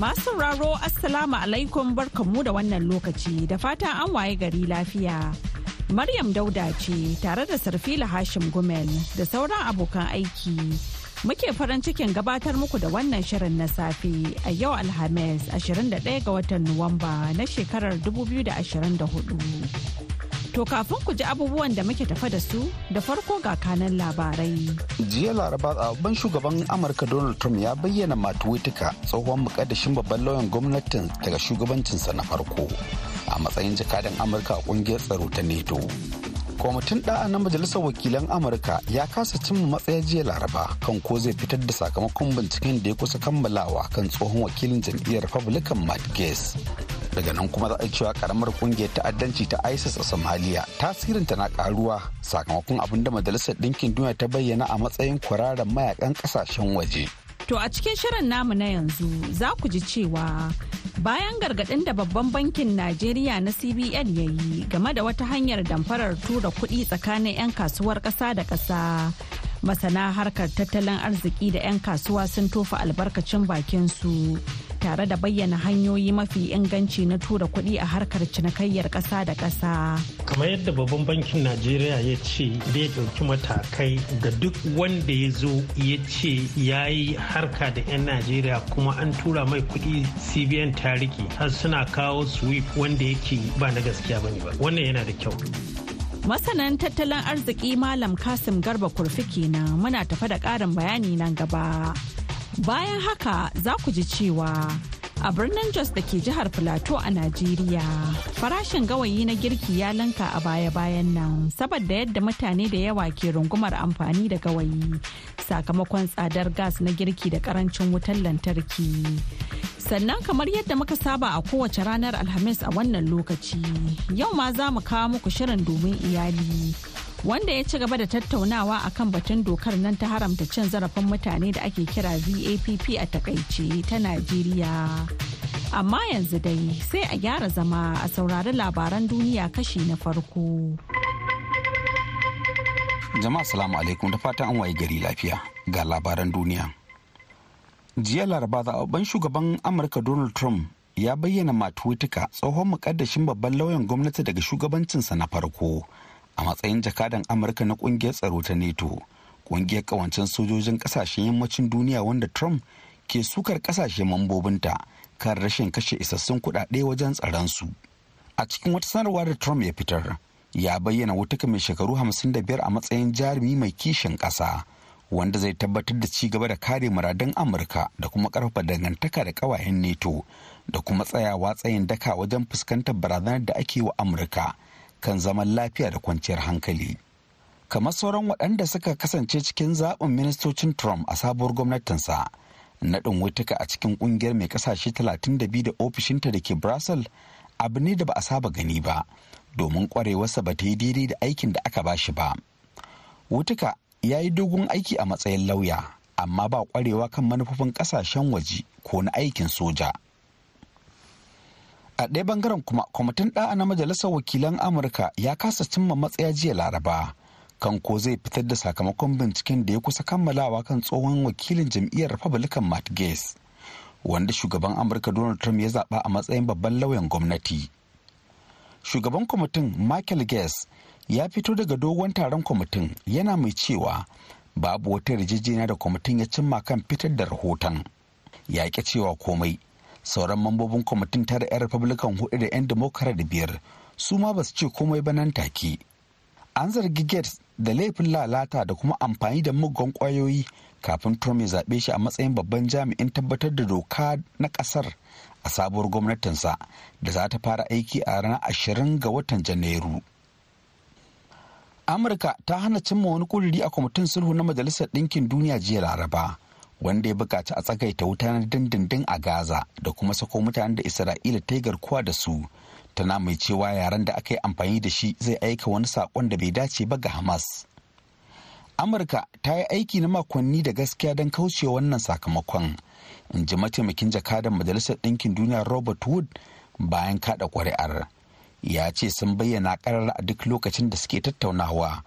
Masu sauraro Assalamu alaikum barkanmu da wannan lokaci da fatan an waye gari lafiya. Maryam Dauda ce tare da Sarfila Hashim Gumel da sauran abokan aiki. Muke farin cikin gabatar muku da wannan shirin na safe a yau Alhamis 21 ga watan Nuwamba na shekarar 2024. To kafin ku ji abubuwan da muke tafa da su da farko ga kanan labarai. Jiya Laraba zaɓen shugaban Amurka Donald Trump ya bayyana matuwaituka tsohon mukaddashin babban lauyan gwamnatin daga shugabancinsa na farko a matsayin jakadan Amurka a kungiyar tsaro ta NATO. Kwamitin ɗa'a na Majalisar Wakilan Amurka ya kasa cimma matsaya jiya Laraba kan ko zai fitar da sakamakon binciken da ya kusa kammalawa kan tsohon wakilin jam'iyyar Republican Matt Gaetz. daga nan kuma za a cewa karamar kungiyar ta'addanci ta isis a somalia tasirinta na karuwa sakamakon abin da majalisar ɗinkin duniya ta bayyana a matsayin kwararren mayakan ƙasashen waje To a cikin shirin namu na yanzu za ku ji cewa bayan gargaɗin da babban bankin Najeriya na CBN ya yi game da wata hanyar damfarar tura kuɗi tsakanin 'yan kasuwar ƙasa da ƙasa. Masana harkar tattalin arziki da 'yan kasuwa sun tofa albarkacin bakinsu. su. tare da bayyana hanyoyi mafi inganci na tura kuɗi a harkar cinikayyar ƙasa da ƙasa. Kamar yadda babban bankin Najeriya ya ce zai ɗauki matakai ga duk wanda ya zo ya ce ya yi harka da 'yan Najeriya kuma an tura mai kuɗi CBN ta riƙe har suna kawo sweep wanda yake ba na gaskiya bane ba. Wannan yana da kyau. Masanan tattalin arziki Malam Kasim Garba Kurfi kenan muna tafa da ƙarin bayani nan gaba. Bayan haka za ku ji cewa a birnin Jos da ke jihar Filato a Najeriya farashin gawayi na girki ya lanka a baya-bayan nan saboda yadda mutane da yawa ke rungumar amfani da gawayi sakamakon tsadar gas na girki da karancin wutar lantarki. Sannan kamar yadda muka saba a kowace ranar Alhamis a wannan lokaci, yau ma za mu kawo muku shirin domin iyali. Wanda ya ci gaba da tattaunawa a kan batun dokar nan ta haramta cin zarafin mutane da ake kira VAPP a takaice ta Najeriya. Amma yanzu dai sai a gyara zama a saurari labaran duniya kashi na farko. Jama'a salamu alaikum da fatan an waye gari lafiya ga labaran duniya. jiya laraba zaɓaɓɓen shugaban amurka donald trump ya bayyana matt tsohon mukaddashin babban lauyan gwamnati daga shugabancinsa na farko a matsayin jakadan amurka na kungiyar tsaro ta neto kungiyar kawancin sojojin kasashen yammacin duniya wanda trump ke sukar kasashe mambobinta kan rashin kashe isassun kuɗaɗe wajen tsaronsu a cikin wata sanarwa da trump ya fitar ya bayyana wutuka mai shekaru 55 a matsayin jarumi mai kishin ƙasa wanda zai tabbatar da ci gaba da kare muradun amurka da kuma karfafa dangantaka da kawayen neto da kuma tsayawa tsayin daka wajen fuskantar barazanar da ake wa amurka kan zaman lafiya da kwanciyar hankali kamar sauran waɗanda suka kasance cikin zaɓin ministocin trump a sabuwar gwamnatinsa naɗin wutuka a cikin ƙungiyar mai ƙasashe 32 da ofishinta da ke brussels abu ne da ba a saba gani ba domin ƙwarewarsa ba ta yi daidai da aikin da aka ba shi ba wutuka ya yi dogon aiki a matsayin lauya amma ba kwarewa kan manufofin kasashen waje ko na aikin soja a ɗaya bangaren kuma kwamitin ɗa'a na majalisar wakilan amurka ya kasa cimma matsaya jiya laraba kan ko zai fitar da sakamakon binciken da ya kusa kammalawa kan tsohon wakilin jam'iyyar republican matt gaetz wanda shugaban amurka donald trump ya zaɓa a matsayin babban lauyan gwamnati shugaban kwamitin michael gates ya fito daga dogon taron kwamitin yana mai cewa babu wata yarjejeniya da kwamitin ya cimma kan fitar da rahoton ya ƙi cewa komai sauran mambobin kwamitin tare 'yan republican hudu da 'yan democrat biyar su ma ba su ce komai ba nan take an zargi gates da laifin lalata da kuma amfani da muggan kwayoyi kafin trump ya zaɓe shi a matsayin babban jami'in tabbatar da doka na ƙasar a sabuwar gwamnatinsa da za ta fara aiki a ranar 20 ga watan janairu amurka ta hana cimma wani kuriri a kwamitin sulhu na majalisar ɗinkin duniya jiya laraba wanda ya bukaci a tsagaita wuta na dindindin a gaza da kuma sako mutanen da isra'ila ta yi garkuwa da su tana mai cewa yaren da aka yi amfani da shi zai aika wani saƙon da bai dace ba ga hamas amurka ta yi aiki na makonni da gaskiya don kauce wannan sakamakon in ji mataimakin jakadan majalisar ɗinkin duniya robert wood bayan kaɗa ƙuri'ar. ya ce sun bayyana karar a duk lokacin da suke tattaunawa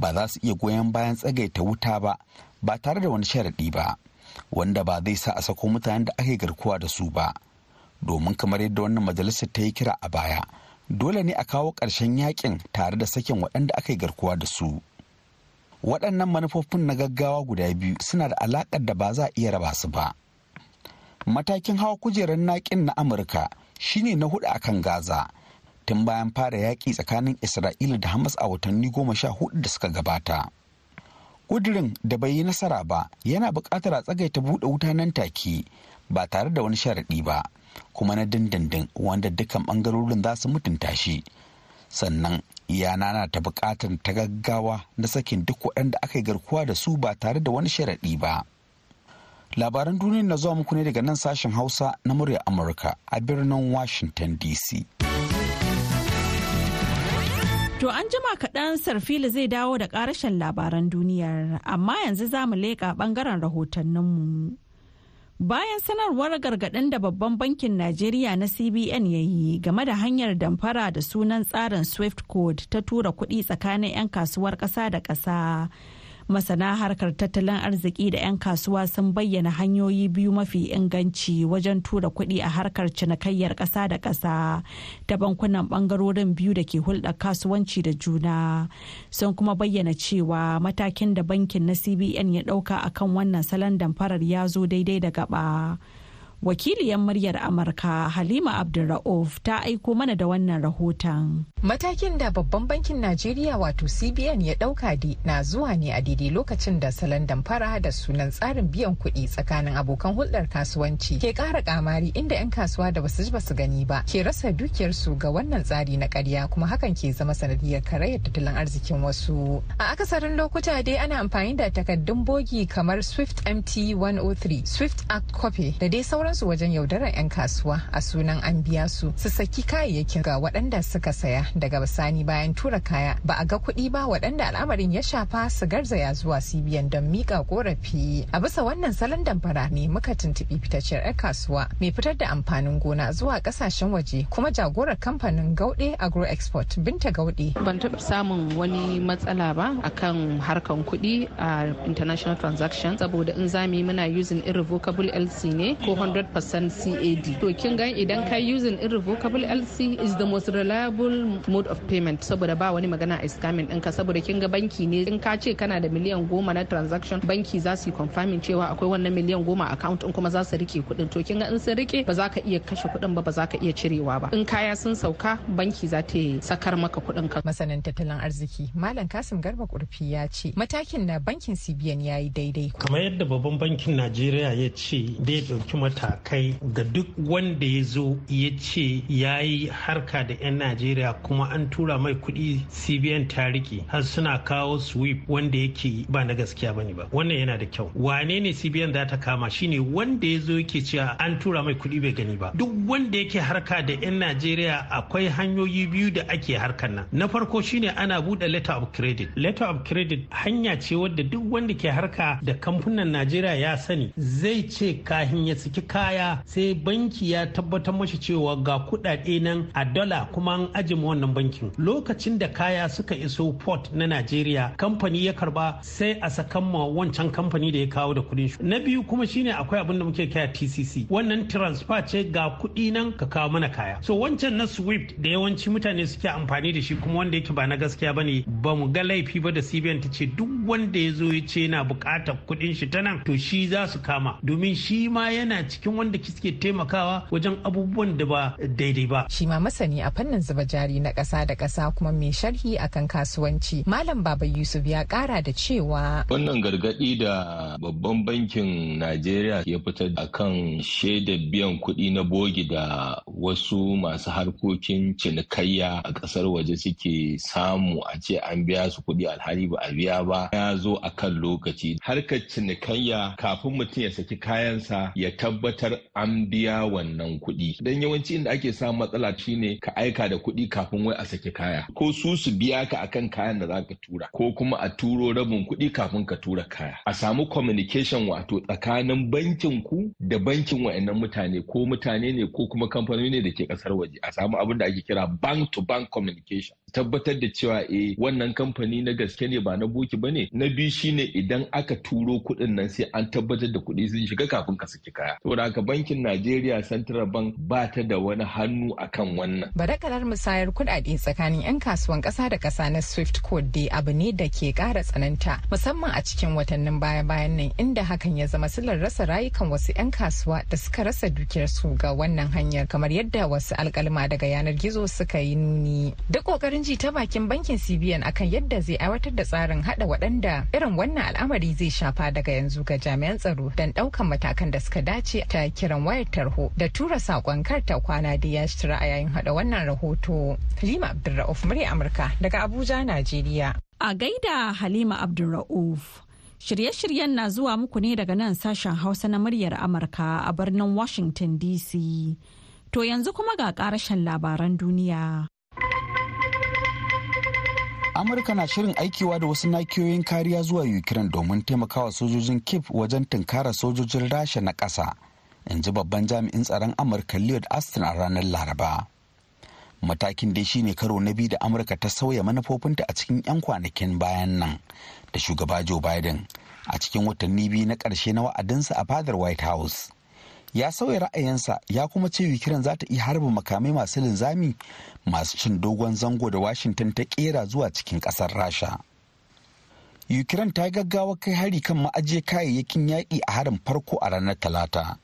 ba za su iya goyon bayan tsagaita wuta ba ba tare da wani sharaɗi ba wanda ba zai sa a sako mutanen da ake garkuwa da su ba domin kamar yadda wannan majalisar ta yi kira a baya dole ne a kawo ƙarshen yakin tare da sakin waɗanda aka garkuwa da su waɗannan manufofin na gaggawa guda biyu suna da alaƙar da ba za a iya raba su ba matakin hawa kujerar naƙin na amurka shine na hudu akan gaza tun bayan fara yaƙi tsakanin isra'ila da hamas a watanni goma sha hudu da suka gabata ƙudirin da bai yi nasara ba yana buƙatar a tsagaita buɗe wuta nan take ba tare da wani sharaɗi ba kuma na dindindin wanda dukkan ɓangarorin za su mutunta shi sannan yana na ta buƙatar ta gaggawa na sakin duk waɗanda aka yi garkuwa da su ba tare da wani sharaɗi ba labaran duniya na zuwa muku ne daga nan sashen hausa na murya amurka a birnin washington dc To an jima kaɗan sarfili zai dawo da ƙarashen labaran duniyar amma yanzu za mu leƙa ɓangaren rahotanninmu. Bayan sanarwar gargaɗin da babban bankin Najeriya na CBN ya yi game da hanyar damfara da sunan tsarin Swift Code ta tura kuɗi tsakanin 'yan kasuwar ƙasa da ƙasa. masana harkar tattalin arziki da 'yan kasuwa sun bayyana hanyoyi biyu mafi inganci wajen tura kuɗi a harkar cinikayyar ƙasa da ƙasa ta bankunan ɓangarorin biyu da ke hulɗar kasuwanci da juna sun kuma bayyana cewa matakin da bankin na cbn ya ɗauka akan wannan salon damfarar ya zo daidai da gaba. wakiliyar muryar amurka halima abdulra'uf ta aiko mana da wannan rahoton matakin da babban bankin najeriya wato cbn ya dauka di na zuwa ne a daidai lokacin da salon damfara da sunan tsarin biyan kuɗi tsakanin abokan hulɗar kasuwanci ke ƙara kamari inda 'yan kasuwa da basu ji basu gani ba ke rasa dukiyarsu ga wannan tsari na karya kuma hakan ke zama sanadiyar karayar tattalin arzikin wasu a akasarin lokuta dai ana amfani da takaddun bogi kamar swift mt 103 swift act copy da dai sauran sauransu wajen yaudarar 'yan kasuwa a sunan an biya su su saki kayayyakin ga waɗanda suka saya daga bisani bayan tura kaya ba a ga kuɗi ba waɗanda al'amarin ya shafa su garzaya zuwa cbn don miƙa korafi a bisa wannan salon damfara ne muka tuntuɓi fitacciyar 'yan kasuwa mai fitar da amfanin gona zuwa ƙasashen waje kuma jagorar kamfanin gauɗe agro export binta gauɗe ban taɓa samun wani matsala ba akan harkan kuɗi a international transaction saboda in zami muna using irrevocable lc ne ko 100% CAD. To kin gan idan ka using irrevocable LC is the most reliable mode of payment saboda ba wani magana a scamming ka saboda kin ga banki ne in ka ce kana da miliyan goma na transaction banki za su yi confirming cewa akwai wannan miliyan goma account in kuma za su rike kuɗin to kin ga in sun rike ba za ka iya kashe kuɗin ba ba za ka iya cirewa ba in kaya sun sauka banki za ta sakar maka kuɗin ka. Masanin tattalin arziki Malam Kasim Garba Kurfi ya ce matakin na bankin CBN ya yi daidai. Kamar yadda babban bankin Najeriya ya ce zai ɗauki mata kai ga duk wanda ya zo ya ce ya yi harka da 'yan najeriya kuma an tura mai kuɗi cbn ta riƙe har suna kawo sweep wanda yake ba na gaskiya bane ba wannan yana da kyau wane ne cbn za ta kama shine wanda ya zo yake cewa an tura mai kuɗi bai gani ba duk wanda yake harka da 'yan najeriya akwai hanyoyi biyu da ake harkar nan na farko shine ana buɗe letter of credit letter of credit hanya ce wadda duk wanda ke harka da kamfunan najeriya ya sani zai ce kahin ya saki kaya sai banki ya tabbatar mashi cewa ga kuɗaɗe nan a dala kuma an ajiye wannan bankin lokacin da kaya suka iso port na najeriya kamfani ya karba sai a sakan ma wancan kamfani da ya kawo da kuɗin shi na biyu kuma shine akwai abin da muke kaya tcc wannan transfer ce ga kuɗi nan ka kawo mana kaya so wancan na swift da yawanci mutane suke amfani da shi kuma wanda yake ba na gaskiya bane ba mu ga laifi ba da cbn ta ce duk wanda ya zo ya ce na buƙatar kuɗin shi ta nan to shi za su kama domin shi ma yana cikin cikin wanda suke taimakawa wajen abubuwan da ba daidai ba. Shi ma masani a fannin zuba jari na ƙasa da ƙasa kuma mai sharhi akan kasuwanci. Malam Baba Yusuf ya ƙara da cewa. Wannan gargaɗi da babban bankin Najeriya ya fitar kan shaidar biyan kuɗi na bogi da wasu masu harkokin cinikayya a ƙasar waje suke samu a ce an biya su kuɗi alhali ba a biya ba ya zo a kan lokaci. Harkar cinikayya kafin mutum ya saki kayansa ya tabbatar tabbatar an biya wannan kuɗi don yawanci inda ake samun matsala shine ka aika da kuɗi kafin wai a saki kaya ko su su biya ka akan kayan da za ka tura ko kuma a turo rabin kuɗi kafin ka tura kaya a samu communication wato tsakanin bankin ku da bankin wayannan mutane ko mutane ne ko kuma kamfanoni ne da ke kasar waje a samu abin da ake kira bank to bank communication tabbatar da cewa eh wannan kamfani na gaske ne ba na boki ba ne na biyu shine idan aka turo kuɗin nan sai an tabbatar da kuɗi sun shiga kafin ka saki kaya da haka bankin najeriya central bank ba ta da wani hannu akan wannan barakalar musayar kuɗaɗe tsakanin 'yan kasuwan ƙasa da ƙasa na swift code dai abu ne da ke kara tsananta musamman a cikin watannin baya-bayan nan inda hakan ya zama silar rasa rayukan wasu 'yan kasuwa da suka rasa dukiyarsu ga wannan hanyar kamar yadda wasu alkalma daga yanar gizo suka yi nuni duk ƙoƙarin inji ta bakin bankin CBN akan yadda zai aiwatar da tsarin hada waɗanda irin wannan al'amari zai shafa daga yanzu ga jami'an tsaro don ɗaukan matakan da suka dace ta kiran wayar tarho da tura saƙon karta kwana da ya a yayin hada wannan rahoto. Halima Abdulra'uf murya Amurka daga Abuja, Najeriya. A gaida Halima Abdulra'uf. Shirye-shiryen na zuwa muku ne daga nan sashen Hausa na muryar Amurka a birnin Washington DC. To yanzu kuma ga ƙarashen labaran duniya. amurka na shirin aikewa da wasu nakiyoyin kariya zuwa ukraine domin taimakawa sojojin kif wajen tunkara sojojin rasha na ƙasa in ji babban jami'in tsaron amurka lloyd austin a ranar laraba matakin dai shine karo na biyu da amurka ta sauya manufofinta a cikin 'yan kwanakin bayan nan da shugaba joe biden a cikin watanni biyu na ƙarshe na wa'adinsa a fadar white house ya sauya ra'ayinsa ya kuma ce yukiran za ta iya harba makamai masu linzami masu cin dogon zango da washington ta kera zuwa cikin kasar rasha ukraine ta gaggawa kai hari kan ma'ajiya kayayyakin yaƙi a harin farko a ranar talata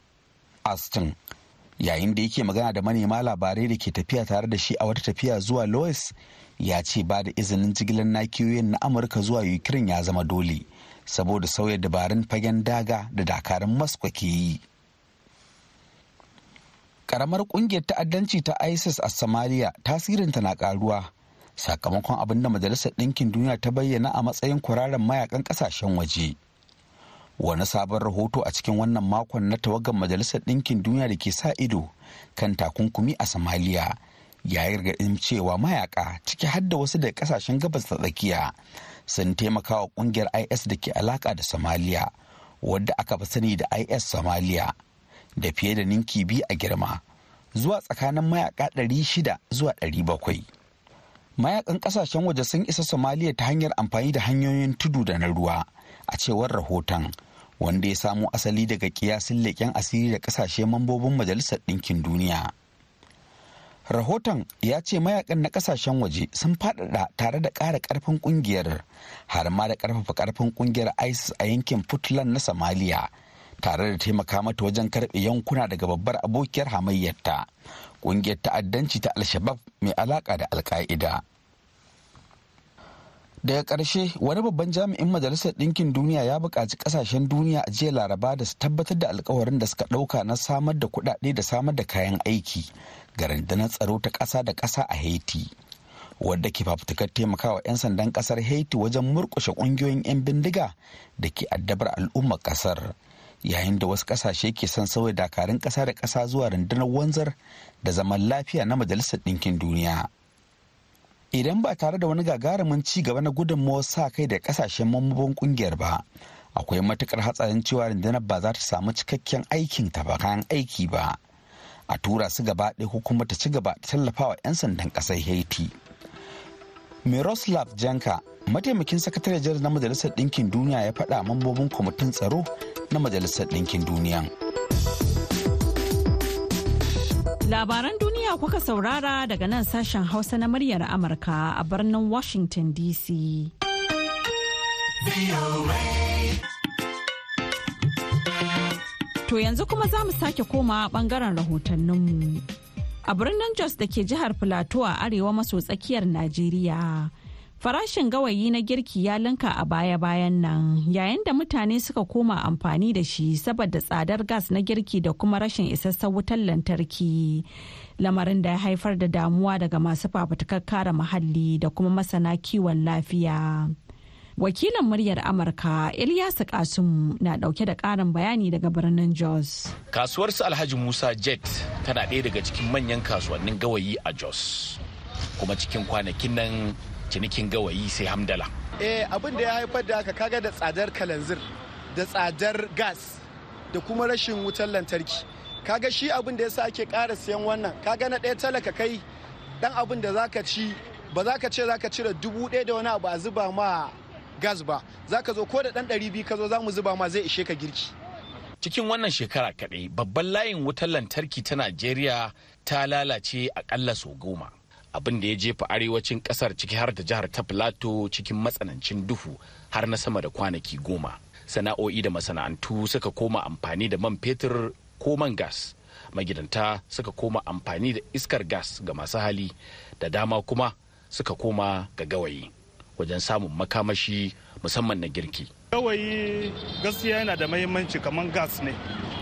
aston yayin da yake magana da manema labarai da ke tafiya tare da shi a wata tafiya zuwa lois ya ce ba da izinin jigilar nakiyoyin na amurka zuwa ukraine ya zama dole saboda sauya dabarun fagen daga da dakarun moscow ke yi karamar kungiyar ta'addanci ta isis a somalia tasirinta na karuwa sakamakon abin da majalisar ɗinkin duniya ta bayyana a matsayin kwararren mayakan ƙasashen waje wani sabon rahoto a cikin wannan makon na tawagar majalisar ɗinkin duniya da ke sa ido kan takunkumi a somalia ya yi gargaɗin cewa mayaka ciki har da wasu daga ƙasashen gabas ta tsakiya sun taimaka wa ƙungiyar is da ke alaƙa da somalia wadda aka fi sani da is somalia da fiye da ninki biyu a girma zuwa tsakanin mayaka 600 zuwa 700 mayakan kasashen waje sun isa somaliya ta hanyar amfani da hanyoyin tudu da na ruwa a cewar rahoton wanda ya samo asali daga kiyasin leƙen asiri da kasashe mambobin majalisar ɗinkin duniya rahoton ya ce mayakan na kasashen waje sun faɗaɗa tare da ƙara ƙarfin ƙungiyar har ma da ƙarfafa ƙarfin ƙungiyar isis a yankin puntland na Somalia. tare da taimaka mata wajen karɓe yankuna daga babbar abokiyar hamayyarta ƙungiyar ta'addanci ta alshabab mai alaƙa da alka'ida daga ƙarshe wani babban jami'in majalisar ɗinkin duniya ya buƙaci ƙasashen duniya a jiya laraba da su tabbatar da alkawarin da suka ɗauka na samar da kuɗaɗe da samar da kayan aiki ga rundunar tsaro ta ƙasa da ƙasa a haiti wadda ke fafutukar taimakawa 'yan sandan ƙasar haiti wajen murƙushe ƙungiyoyin 'yan bindiga da ke addabar al'ummar ƙasar. yayin da wasu kasashe ke son sauya dakarun kasa da kasa zuwa rundunar wanzar da zaman lafiya na majalisar ɗinkin duniya idan ba tare da wani gagarumin ci gaba na gudunmawar sa kai da ƙasashen mambobin ƙungiyar ba akwai matukar hatsarin cewa rundunar ba za ta samu cikakken aikin ta ba kayan aiki ba a tura su gaba ɗaya ko kuma ta ci gaba da tallafawa 'yan sandan ƙasar haiti miroslav janka mataimakin sakatare jar na majalisar ɗinkin duniya ya faɗa mambobin kwamitin tsaro na majalisar ɗinkin duniya labaran duniya kuka saurara daga nan sashen hausa na muryar amurka a birnin washington dc to yanzu kuma za mu sake koma bangaren rahotanninmu a birnin Jos da ke jihar Plateau a arewa maso tsakiyar Najeriya. Farashin gawayi na girki ya linka a baya-bayan nan yayin da mutane suka koma amfani da shi saboda tsadar gas na girki da kuma rashin isassar wutar lantarki. Lamarin da ya haifar da damuwa daga masu fafutukar kare muhalli da kuma masana kiwon lafiya. wakilan muryar Amurka Ilyasu Kasum na dauke da karin bayani daga birnin Jos. Kasuwar su Alhaji Musa Jet tana ɗaya daga cikin manyan kasuwannin gawayi a Jos. Kuma cikin kwanakin nan cinikin gawayi sai hamdala. Eh abin da ya haifar da haka kaga da tsadar kalanzir da tsadar gas da kuma rashin wutar lantarki. Kaga shi abin da ya sa ake ƙara siyan wannan kaga na ɗaya talaka kai dan abin da zaka ci ba za ka ce za ka cire dubu ɗaya da wani abu a zuba ma gas ba za ka zo ko da ɗan ɗari biyu ka zo za mu zuba ma zai ishe ka girki cikin wannan shekara kaɗai babban layin wutar lantarki ta najeriya ta lalace akalla sau goma abin da ya jefa arewacin ƙasar ciki har da jihar ta plateau cikin matsanancin duhu har na sama da kwanaki goma sana'o'i da masana'antu suka koma amfani da man fetur ko man gas magidanta suka koma amfani da iskar gas ga masu hali da dama kuma suka koma ga gawayi wajen samun makamashi musamman na girki. gawayi gaskiya yana da mahimmanci kamar gas ne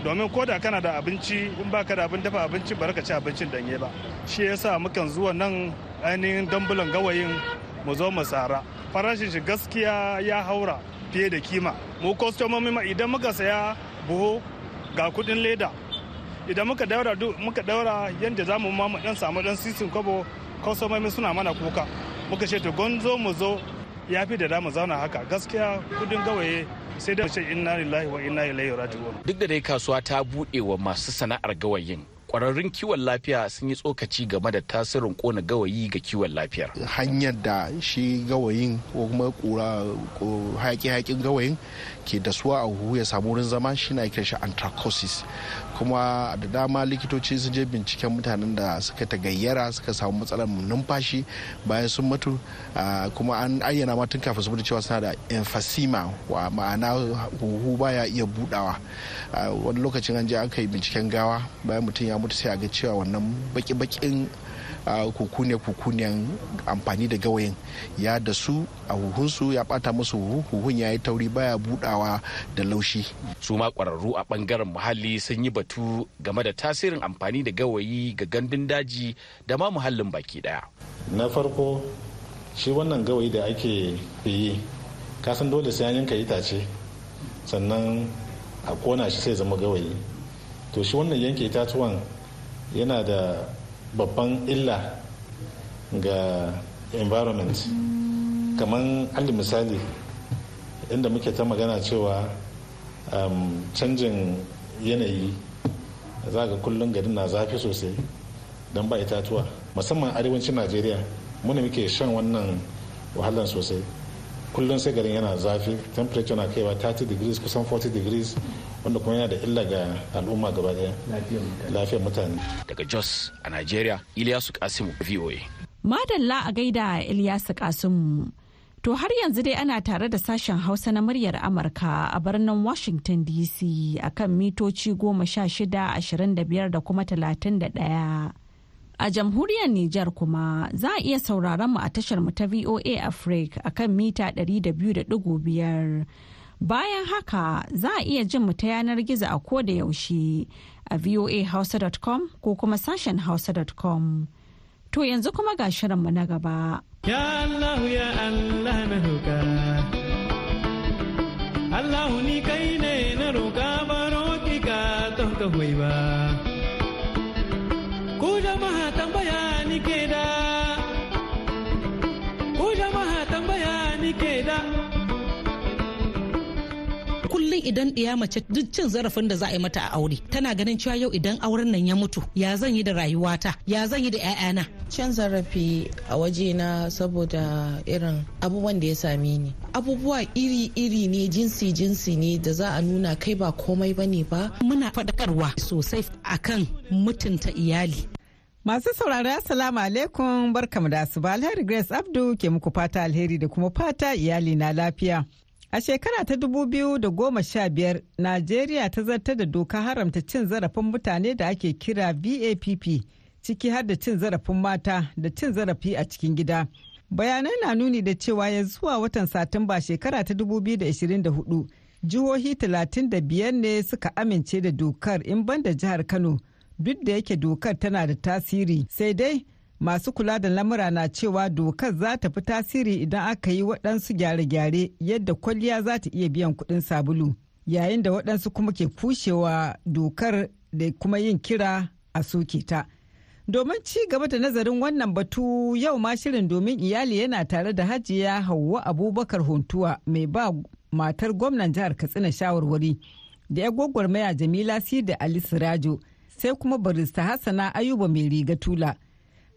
domin ko da kana da abinci in baka da abin dafa abinci ba ka ci abincin danye ba shi yasa mukan zuwa nan ainihin dambulan gawayin mu zo mu tsara farashin shi gaskiya ya haura fiye da kima mu kwastomomi ma idan muka saya buhu ga kudin leda idan muka daura muka daura yadda za mu ma mu dan samu dan sisin kwabo kwastomomi suna mana kuka muka ce to gonzo mu zo ya fi da damu zauna haka gaskiya kudin gawaye sai da ce inna lillahi wa inna ilaihi raji'un duk da dai kasuwa ta buɗe wa masu sana'ar gawayin kwararrun kiwon lafiya sun yi tsokaci game da tasirin kona gawayi ga kiwon lafiyar hanyar da shi gawayin ko kuma kura haƙi haƙin gawayin ke da suwa a huhu ya samu wurin zama shi na shi anthracosis kuma da dama likitoci sun je binciken mutanen da suka ta gayyara suka samu matsalar numfashi bayan sun mutu kuma an ayyana ma tun kafin su mutu cewa suna da emphysema wa ma'ana huhu baya iya budawa wani lokacin an je an kai binciken gawa bayan mutum ya mutu sai a ga cewa wannan baki-bakin a ah, kukune kukunen amfani da gawayin ya da su a huhunsu ya bata musu huhu huhun ya yi tauri baya budawa da laushi su ma kwararru a bangaren muhalli sun yi batu game da tasirin amfani da gawayi ga gandun daji da ma muhallin baki daya na farko shi wannan gawayi da ake yi kasan dole sai an yanka itace sannan a kona shi sai zama gawayi to shi wannan yanke itatuwan yana da babban illa ga environment kamar alli misali inda muke ta magana cewa um, canjin yanayi za ga kullum gari na zafi sosai don ba itatuwa musamman arewacin najeriya muna muke shan wannan wahalar sosai kullum sai garin yana zafi temperature na kaiwa 30 degrees kusan 40 degrees wanda kuma yana da illa ga al'umma gaba daya lafiyar mutane daga jos a nigeria iliyasu kasimu voa madalla a gaida iliyasu kasimu to har yanzu dai ana tare da sashen hausa na muryar amurka a birnin washington dc akan mitoci goma sha shida ashirin da biyar da kuma talatin da ɗaya. A jamhuriyar Nijar kuma za a iya sauraron mu a tashar mu ta VOA Africa a kan mita 200.5. Bayan haka za a iya jin mu ta yanar gizo a ko da yaushe a voahausa.com ko kuma sashen hausa.com. To yanzu kuma ga mu na gaba. Ya Allah ya Allah na Allah ni kai ne na roka baro ki ka to ka ba. jama'a ke da kullum idan ɗiya mace duk cin zarafin da za a yi mata a aure tana ganin cewa yau idan auren nan ya mutu ya zan yi da rayuwata ya zan yi da 'ya'yana cin zarafi a waje na saboda irin abubuwan da ya same ni abubuwa iri-iri ne jinsi-jinsi ne da za a nuna kai ba komai bane ba muna faɗakarwa sosai akan mutunta iyali Masu saurari Assalamu alaikum barkamu da asuba Alheri Grace Abdu ke muku fata alheri da kuma fata iyali na lafiya. A shekara ta dubu biyu da goma sha biyar Najeriya ta zartar da doka haramta cin zarafin mutane da ake kira VAPP ciki har da cin zarafin mata da cin zarafi a cikin gida. Bayanai na nuni da cewa ya zuwa watan Satumba shekara ta dubu biyu da da hudu jihohi talatin da biyar ne suka amince da dokar in banda jihar Kano. duk da yake dokar tana da tasiri sai dai masu kula da lamura na cewa dokar za ta fi tasiri idan aka yi waɗansu gyare-gyare yadda kwalliya za ta iya biyan kuɗin sabulu yayin da waɗansu kuma ke fushewa dokar da kuma yin kira a soke ta domin ci gaba da nazarin wannan batu yau ma shirin domin iyali yana tare da hajiya hauwa abubakar huntuwa mai ba matar gwamnan jihar katsina shawarwari da ya gwagwarmaya jamila sida ali sirajo sai kuma barista Hassana Ayuba mai riga tula.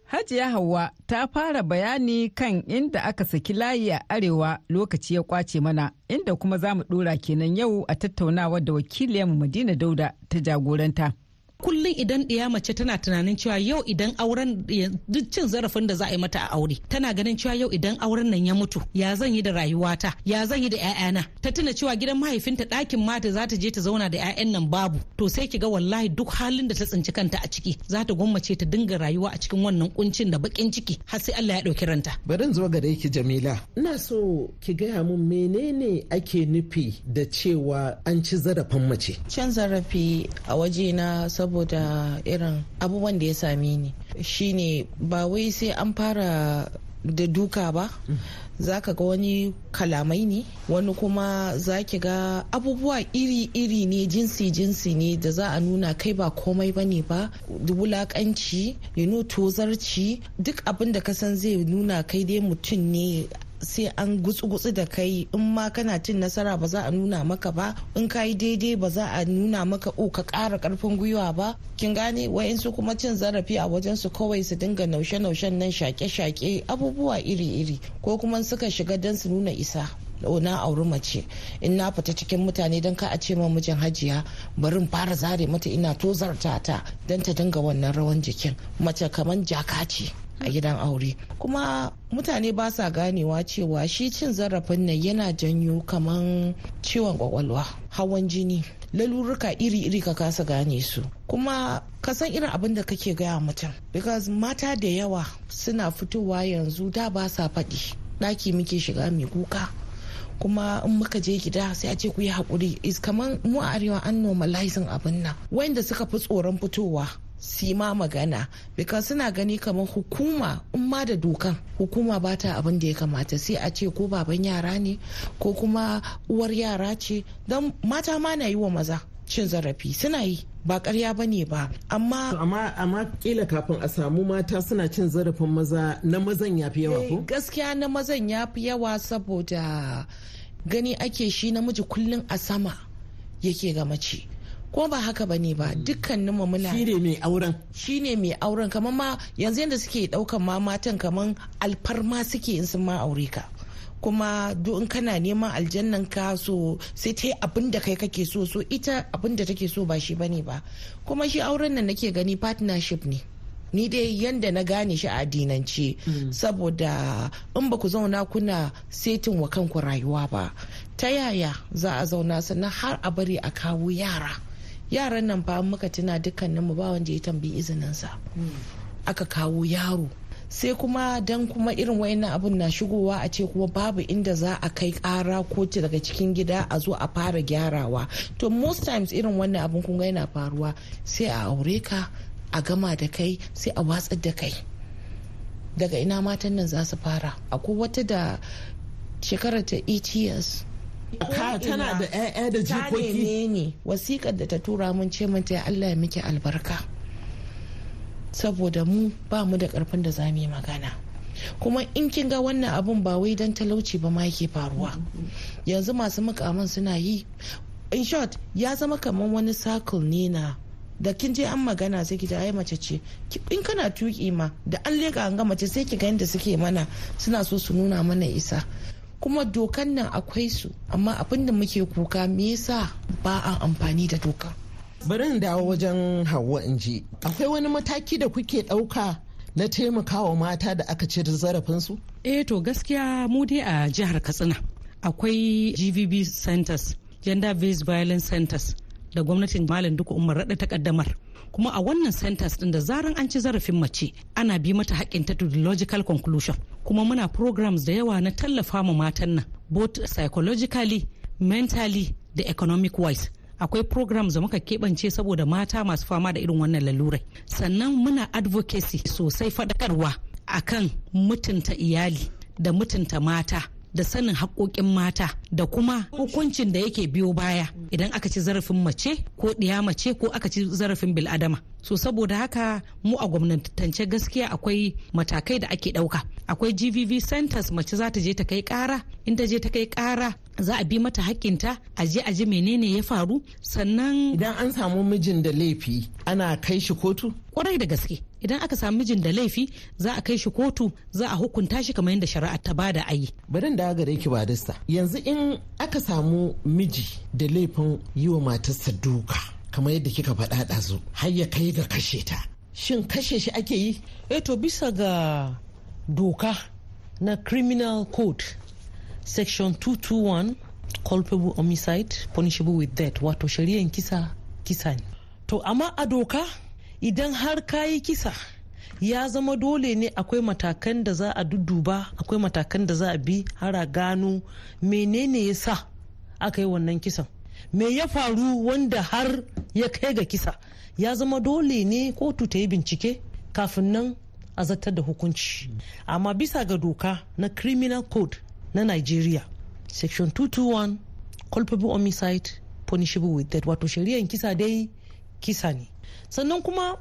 Hajiya Hauwa ta fara bayani kan inda aka saki layi a arewa lokaci ya kwace mana inda kuma za mu dora kenan yau a tattaunawa da wakiliyar Madina Dauda ta jagoranta. kullum idan ɗiya mace tana tunanin cewa yau idan auren duk cin zarafin da za a yi mata a aure tana ganin cewa yau idan auren nan ya mutu ya zan yi da rayuwata ya zan yi da 'ya'yana ta tuna cewa gidan mahaifinta ɗakin mata za ta je ta zauna da 'ya'yan nan babu to sai ki ga wallahi duk halin da ta tsinci kanta a ciki za ta gwammace ta dinga rayuwa a cikin wannan kuncin da bakin ciki har sai Allah ya ɗauki ranta. barin zuwa gare ki Jamila. Ina so ki gaya mun menene ake nufi da cewa an ci zarafin mace. Cin zarafi a waje na saboda irin abubuwan da ya sami ni shine ba wai sai an fara da duka ba za ka ga wani kalamai ne wani kuma za ki ga abubuwa iri-iri ne jinsi-jinsi ne da za a nuna kai ba komai ba ne ba wulakanci you tozarci duk abin da kasan zai nuna kai dai mutum ne sai an gutsu-gutsu da kai in ma kana cin nasara ba za a nuna maka ba in ka yi daidai ba za a nuna maka o oh, ka ƙara ƙarfin gwiwa ba kin gane wa'insu kuma cin zarafi a wajen su kawai su dinga naushe-naushen nan shake shaƙe abubuwa iri-iri ko kuma suka shiga don su nuna isa oh, na auri mace in na fita cikin mutane don ka a ce mijin hajiya barin fara zare mata ina tozarta ta don ta dinga wannan rawan jikin mace kamar jaka ce a gidan aure kuma mutane ba sa ganewa cewa shi cin zarafin nan yana janyo kaman ciwon kwakwalwa hawan jini lalurruka iri-iri ka kasa gane su kuma ka san irin abin da kake gaya mutum because mata da yawa suna fitowa yanzu da ba sa faɗi ɗaki muke shiga mai kuka kuma in muka je gida sai a ce ku yi haƙuri is kamar mu a arewa an normalizing abin nan wanda suka fi tsoron fitowa su ma magana bika suna gani kamar hukuma in ma da dokan hukuma ba ta abin da ya kamata sai a ce ko baban yara ne ko kuma uwar yara ce don mata ma na yi wa maza cin zarafi suna yi ba karya ba ne ba amma amma kila kafin a samu mata suna cin zarafin maza na mazan ya fi yawa ko eh, gaskiya na mazan ya fi yawa saboda gani ake shi namiji kullum a sama yake ga mace ko ba haka ba ne ba hmm. dukkanin mu muna shine mai auren shine mai auren kamar ma yanzu yanda suke daukan ma matan kamar alfarma suke in sun ma aure ka kuma duk in kana neman aljannan ka so sai ta abin da kai kake so so ita abin da take so ba shi bane ba kuma shi auren nan nake gani partnership ne ni dai yanda na gane shi a addinance hmm. saboda in ba ku zauna kuna setin wa kanku rayuwa ba ta yaya za a zauna sannan har a bari a kawo yara yaran nan fa muka tuna dukkanin mu ba wanda ya tambayi izinin sa aka kawo yaro sai kuma dan kuma irin wayannan abun na shigowa a ce kuma babu inda za a kai kara ko daga cikin gida a zo a fara gyarawa to most times irin wannan abun kun yana faruwa sai a aure ka a gama da kai sai a watsar da kai daga ina matan nan za su fara akwai wata da shekarar ta 8 years tana da 'ya'ya da jikoki ne wasikar da ta tura mun ce mun ya Allah ya miki albarka saboda mu ba mu da karfin da za mu yi magana kuma in kin ga wannan abun ba wai dan talauci ba ma yake faruwa yanzu masu mukaman suna yi in short ya zama kamar wani circle ne na da kin je an magana sai ki ai mace ce in kana tuki ma da an leka an ga mace sai ki ga yanda suke mana suna so su nuna mana isa kuma dokan nan akwai su amma abin da muke kuka me yasa ba a amfani da doka bari in dawo wajen hawa in ji akwai wani mataki da kuke ɗauka na taimakawa mata da aka ci su eh to gaskiya mu dai a jihar katsina akwai gvb centers gender based violence centers da gwamnatin malam duka umar raɗa ta kaddamar kuma a wannan centers din da zaran an ci zarafin mace ana bi mata haƙƙin ta logical conclusion kuma muna programs da yawa na tallafa ma matan nan both psychologically mentally da economic wise akwai programs da muka keɓance saboda mata masu fama da irin wannan lalurai sannan muna advocacy sosai faɗakarwa akan mutunta iyali da mutunta mata da sanin haƙoƙin mata da kuma hukuncin da yake biyo baya idan aka ci zarafin mace ko ɗiya mace ko aka ci zarafin bil'adama so saboda haka mu a gwamnatance gaskiya akwai matakai da ake ɗauka akwai gvv centers mace za ta je ta kai ƙara in ta je ta kai ƙara za a bi mata haƙƙinta a je a ji menene ya faru sannan idan an samu mijin da laifi ana kai shi kotu kwarai da gaske idan aka samu mijin da laifi za a kai shi kotu za a hukunta shi kamar yadda shari'a ta bada a yi barin da gare ki ba dasta yanzu in aka samu miji da laifin yi wa matarsa duka kamar yadda kika faɗa ɗazu har ya kai ga kashe ta shin kashe shi ake yi eh to bisa ga doka na criminal code section 221 culpable homicide punishable with death wato shari'ar kisa kisa ne to amma a doka idan har kayi kisa ya zama dole ne akwai matakan da za a dudduba akwai matakan da za a bi har a gano menene ya sa aka yi wannan kisan me ya faru wanda har ya kai ga kisa ya zama dole ne kotu ta yi bincike kafin nan a zartar da hukunci amma bisa ga doka na criminal code na nigeria section 221 culpable homicide punishable with death wato shari'ar kisa dai kisa ne sannan kuma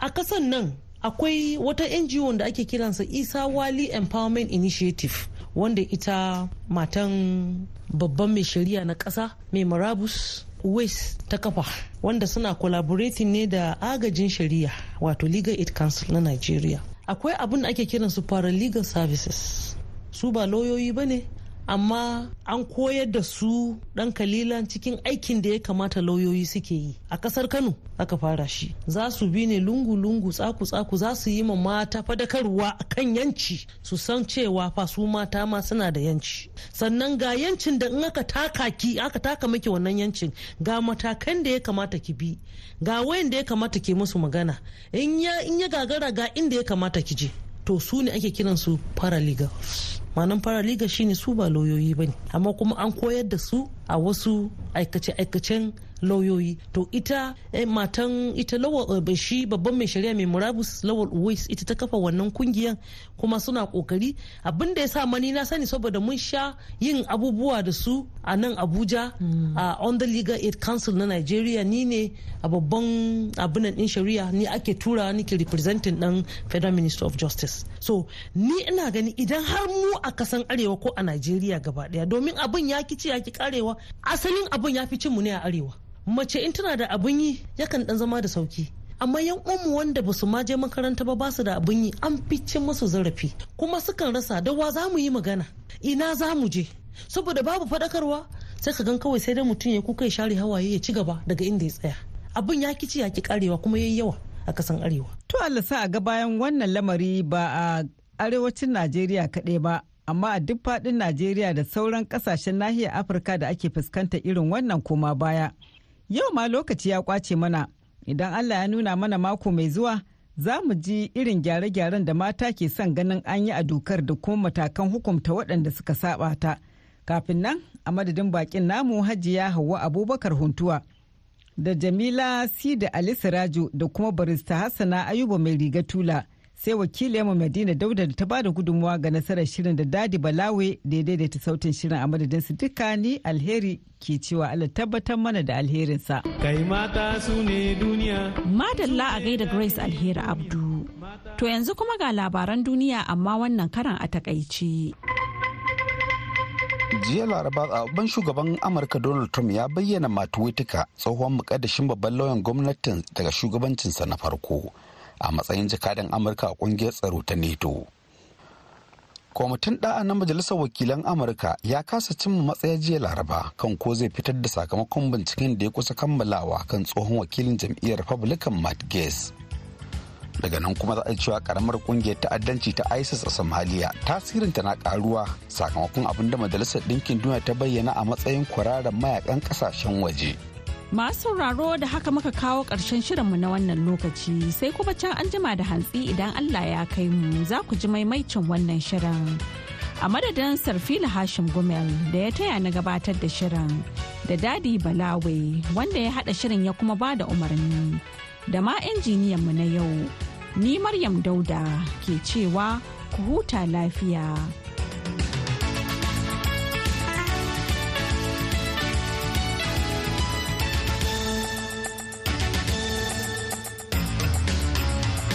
a kasan nan akwai wata ngo da ake kiransa isa wali empowerment initiative wanda ita matan babban mai shari'a na ƙasa mai marabus west ta kafa wanda suna collaborating ne da agajin shari'a wato legal aid council na nigeria akwai abin da ake kiransu paralegal services su ba lauyoyi ba ne amma an koyar da su dan kalilan cikin aikin da ya kamata lauyoyi suke yi a kasar kano aka fara shi za su bi ne lungu-lungu tsaku-tsaku za su yi ma mata fadakarwa kan yanci su san cewa fa su mata ma suna da yanci sannan ga yancin da in aka taka ki aka taka miki wannan yancin ga matakan da ya kamata ki bi ga wayan da ya kamata ki musu magana in ya gagara ga inda ya kamata ki je to su ne ake kiransu paralegals manan paralegal shine su ba lauyoyi ba ne amma kuma an koyar da su a wasu aikace-aikacen lauyoyi to ita eh, matan ita lawal eh, shi babban mai shari'a mai murabus lawal uwais ita ta kafa wannan kungiyan kuma suna kokari abin da ya sa mani na sani saboda mun sha yin abubuwa da su a nan abuja mm. a on the legal aid council na nigeria ni ne a babban abin din shari'a ni ake tura ni ke representing dan federal minister of justice so ni ina gani idan har mu a kasan arewa ko a nigeria gaba daya domin abin ya kici ya ki karewa asalin abin ya fi mu ne a arewa mace in tana da abun yi yakan dan zama da sauki amma yan umu wanda ba su je makaranta ba ba da abun yi an fice musu zarafi kuma sukan rasa da wa za mu yi magana ina za mu je saboda babu fadakarwa sai ka gan kawai sai dai mutum ya kuka ya share hawaye ya ci gaba daga inda ya tsaya abun ya ki ci ya ki karewa kuma yayi yawa a kasan arewa to Allah sa a ga bayan wannan lamari ba a arewacin Najeriya kaɗai ba amma a duk faɗin Najeriya da sauran kasashen nahiyar Afirka da ake fuskanta irin wannan koma baya Yau ma lokaci ya kwace mana, idan Allah ya nuna mana mako mai zuwa za mu ji irin gyare-gyaren da mata ke son ganin an yi a dokar da kuma matakan hukumta waɗanda suka saba ta. Kafin nan a madadin bakin namu hajiya Hauwa Abubakar Huntuwa da Jamila Sida Ali Sirajo da kuma barista Hassana Ayuba mai riga tula. sai wakilinmu madina dauda da ta bada gudunmawa ga nasarar shirin da dadi balawe daidai da ta sautin shirin a madadin su duka ni alheri ke cewa allah tabbatar mana da alherinsa kai mata su ne duniya madalla a gaida grace alheri abdu to yanzu kuma ga labaran duniya amma wannan karan a takaice jiya laraba abin shugaban amurka donald trump ya bayyana matuwaituka tsohon mukaddashin babban lauyan gwamnatin daga shugabancinsa na farko a matsayin jakadan amurka a kungiyar tsaro ta neto kwamitin da'a na majalisar wakilan amurka ya kasa cimma matsaya jiya laraba kan ko zai fitar da sakamakon binciken da ya kusa kammalawa kan tsohon wakilin jam'iyyar republican matt gates daga nan kuma za a cewa karamar kungiyar ta'addanci ta isis a somalia tasirinta na karuwa sakamakon abin da majalisar ɗinkin duniya ta bayyana a matsayin kwararan mayakan ƙasashen waje Masu sauraro da haka muka kawo ƙarshen shirinmu na wannan lokaci sai kuma can an jima da hantsi idan Allah ya kai mu za ku ji maimaicin wannan shirin. A madadin Sarfila Hashim Gumel da ya taya na gabatar da shirin da Dadi Balawe wanda ya haɗa shirin ya kuma ba da umarni da ma mu na yau. Ni Maryam Dauda ke cewa ku huta lafiya.